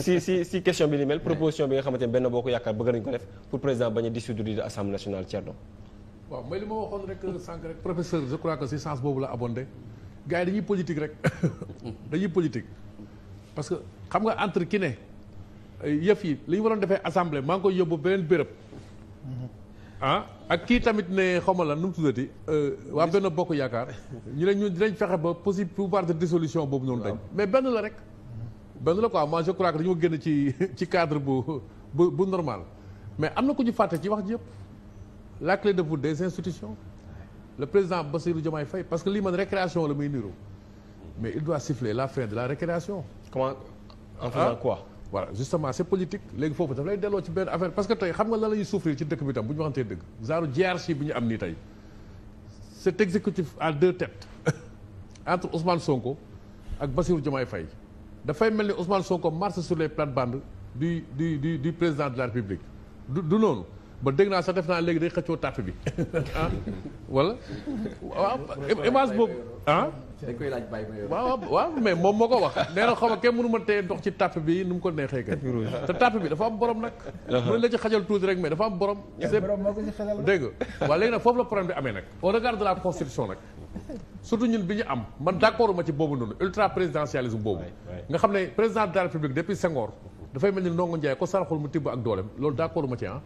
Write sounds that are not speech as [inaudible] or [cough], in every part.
si si si question bi ni mel proposition bi nga xamante ne benn boo ko yaakaar bëgg nañu ko def pour président bañ a dissoudre de assemblée nationale Thierno waaw mooy li ma waxoon rek euh, sànq rek professeur je crois que si sens boobu la abondé gars dañuy politique rek [laughs] dañuy politique parce que xam nga entre ki ne euh, yëf yi li ñu waroon defee assemblée maa ngi koy yóbbu beneen béréb ah ak kii tamit ne xaw ma lan nu mu tuddati euh, waa benn bokk yaakaar ñu ne ñu dinañ fexe ba possible pouvoir de dissolution boobu noonu dañ mais benn la rek benn la quoi moi je crois que dañoo génn ci [laughs] ci cadre bu bu bu normal mais am na ku ñu fàtte ci wax ji yëpp la clé de voûte des institutions le président Bassirou Diomaye fay parce que lii man récréation la muy niru mais il doit siffler la fin de la récréation. comment en faisant quoi. voilà justement c'est politique léegi foofu daf lay delloo ci benn affaire parce que tey xam nga lan la ñuy souffrir ci dëkk bi tam bu ñu waxantee dëgg genre hiérarchie bi ñu am nii tey cet exécutif à deux têtes [laughs] entre Ousmane Sonko ak Bassirou Diomaye Faye dafay mel ni Ousmane Sonko marche sur les plates-bandes du du du du président de la République du du noonu ba dégg naa sax def naa léegi day xëccoo tàpp bi [laughs] ah wala. waaw image boobu ah. dañ koy ma waaw waaw mais moom moo ko wax nee na xaw ma kenn mënu ma ndox ci tàpp bi nu mu ko neexee kat. te tàpp bi dafa am borom nag. Uh-huh. mën la ci xajal tuuti rek mais dafa am borom. c' est borom moo ko ci xajal dégg waaw léegi nag foofu la problème bi amee nag. au regard de la constitution surtout ñun bi ñu am man d' accord ma ci boobu noonu ultra présidentialisme boobu. nga xam ne président de la république depuis Senghor. dafay mel ni Ndongo Ndiaye ko saraxul mu tibb ak dooleem loolu d' accord ma ci ah.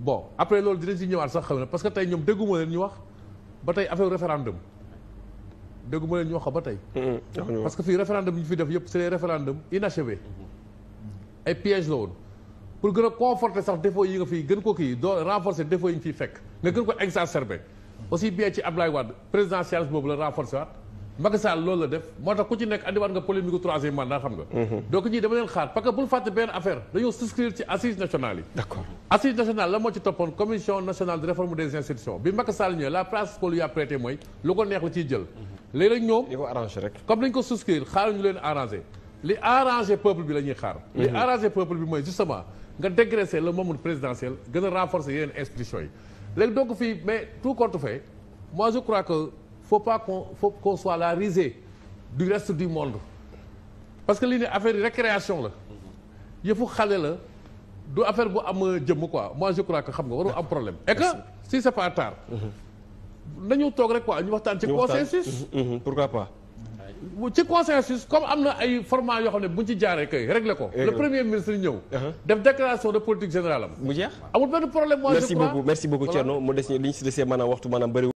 bon après loolu dinañ ci ñëwaat sax xam ne parce que tey ñoom dégguma leen ñu wax ba tey affaire référendum dégguma leen ñu wax ko ba tey. Mm-hmm. parce que fii référendum ñu fi def yëpp c' est des mm-hmm. ay pièges la woon pour gën a conforter sax défaut yi nga gën ko kii doo renforcer défaut yi ñu fiy fekk nga gën ko exacerber. aussi bien ci Abdoulaye Wade présidentialisme boobu la renforcé waat Macky loolu la def moo tax ku ci nekk andiwaat nga polémique gu troisième mandat xam nga. Mhm. donc ñii dama leen xaar parce bul fàtte benn affaire dañoo souscrire ci assise nationale yi. d'accord assise la moo ci toppoon commission nationale de réforme des institutions bi Macky Sall la place qu'on lui a prêté mooy lu ko neex la ciy jël. Mhm. léegi rek ñoom li ko arrangé rek. comme dañ ko souscrire xaaral ñu leen arrangé li arrangé léegi donc fii mais tout compte fait moi je crois que faut pas qu'on faut la risée du reste du monde parce que lii ne affaire récréation la yëfu xale la du affaire bu am jëmm quoi moi je crois que xam nga waru am problème et que si c'est pas tard mhm. nañu toog rek quoi ñu waxtaan ci consensus mhm. Mhm. pourquoi pas ci consensus comme am na ay format yoo ne bu ñu ci jaaree kay réglé ko. le premier ministre ñëw. Uh-huh. def déclaration de politique générale mu jeex amul benn problème. merci beaucoup merci beaucoup Thierno mu des li ñu si desee maanaam waxtu maanaam bëri.